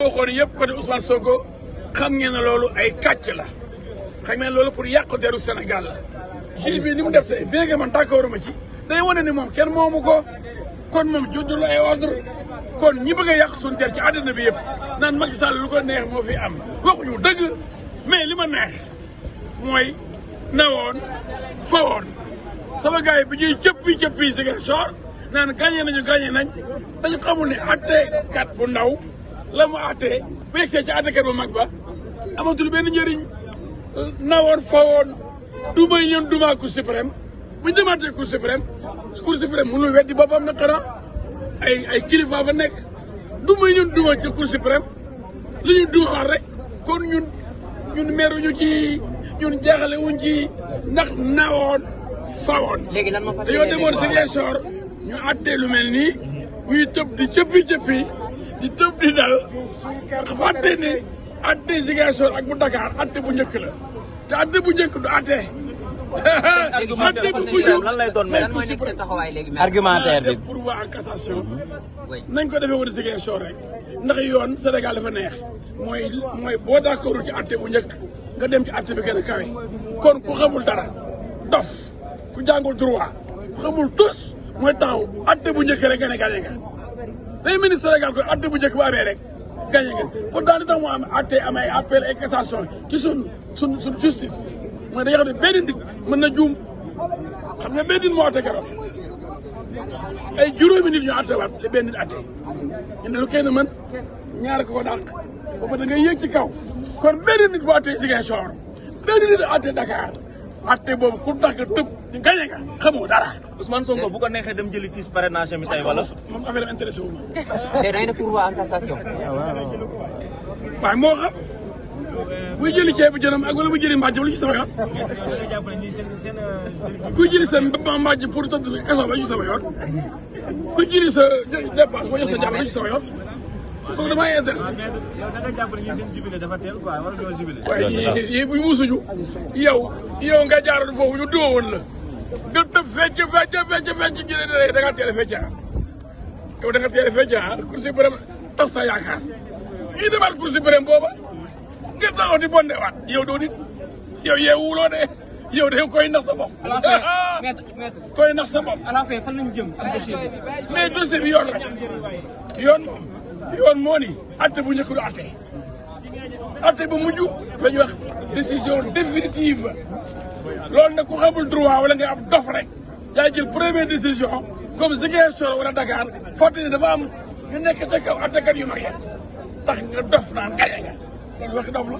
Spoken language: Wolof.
waxoon yëpp côté Ousmane Sonko xam ngeen ne loolu ay kàcc la xam ngeen loolu pour yàq deru senegal la ji bii ni mu def tey bien que man d'accorduma ci day wone ni moom kenn moomu ko kon moom juddul ay ordre kon ñi bëgg yàq suñ der ci àddina bi yëpp naan Macky Sall lu ko neex moo fi am waxuñu dëgg mais li ma neex mooy nawoon fawoon sama gars yi bi ñuy cëppi cëppi Ziguinchor naan gagné nañu gagné nañ dañu xamul ne attekat bu ndaw la mu attee bu yegsee ci attekat bu mag ba amatul benn njëriñ nawoon fawoon dumay ñoon dumaa cour suprême bu ñu demaatee cour suprême cour suprême mënul weddi boppam na xanaa ay ay kilifa fa nekk dumay ñun duma ci cour suprême li ñu dumawaat rek kon ñun ñun meeruñu ci ñun jaaxale wuñ ci ndax nawoon fawoon dañoo demoon Ziguinchor ñu àttee lu mel nii muy tëb di cëppi cëppi di tëb di dal fàtte ne àtte Ziguinchor ak bu Dakar àtte bu njëkk la te àtte bu njëkk du àtte àtte bu mujj lan lay doon argumentaire bi pour waa cassation nañ ko defee woon Ziguinchor rek ndax yoon Sénégal dafa neex mooy mooy boo d'accordul ci àtte bu njëkk nga dem ci àtte bi gën a kawe kon ku xamul dara dof ku jàngul droit xamul tus mooy taxaw bu njëkk rek nga ne gagné nga day ministre Sénégal ko bu njëkk rek gagné nga pour daal di mu am atte am ay appel ay cassation ci sun sun sun justice mooy dañoo xam ne benn nit mën na juum xam nga benn nit moo atte keroog ay juróomi nit ñu atte waat la benn nit atte ñu ñaar ko ko dàq booba da ngay yéeg ci kaw kon benn nit bu atte Ziguinchor benn atte boobu ku dàq tëb gañe nga xamoo dara. Ousmane Sonko bu ko neexee dem jëli fiche parrainage mi tey wala. moom affaire am intéressé wu ma. mais day na pourvoi en moo xam. buy jëli ceeb bi jënam ak wala buy jëli mbàjj wala ci sama yoon. kuy jëli sa mbàjj pour tëdd kaso ba ci sama yoon. kuy jëli sa dépense ba jox sa jàmm ba ci foog damay intéressé. Ah, yow da nga jàpp ne ñun seen nga jaaroon foofu ñu duwa woon la. nga tëb fecc fecc fecc fecc jëlee da da ngaa teel a fecc ah. yow da nga a fecc ah cour suprême tas sa yaakaar ñuy demaat cour booba nga taxaw di bonde waat yow doo nit yee wuloo de yow de koy nax koy nax sa bopp. à la fin fan lañ jëm ak dossier bi. mais dossier la yoon moom. yoon moo ni atte bu njëkk du atte atte bu mujj la ñuy wax décision définitive loolu nag ku xamul droit wala nga am dof rek yaa jël première décision comme Ziguinchor wala Dakar fàtte ne dafa am ñu nekk ca kaw attekat yu mag tax nga dof naan gaye nga loolu waxi dof la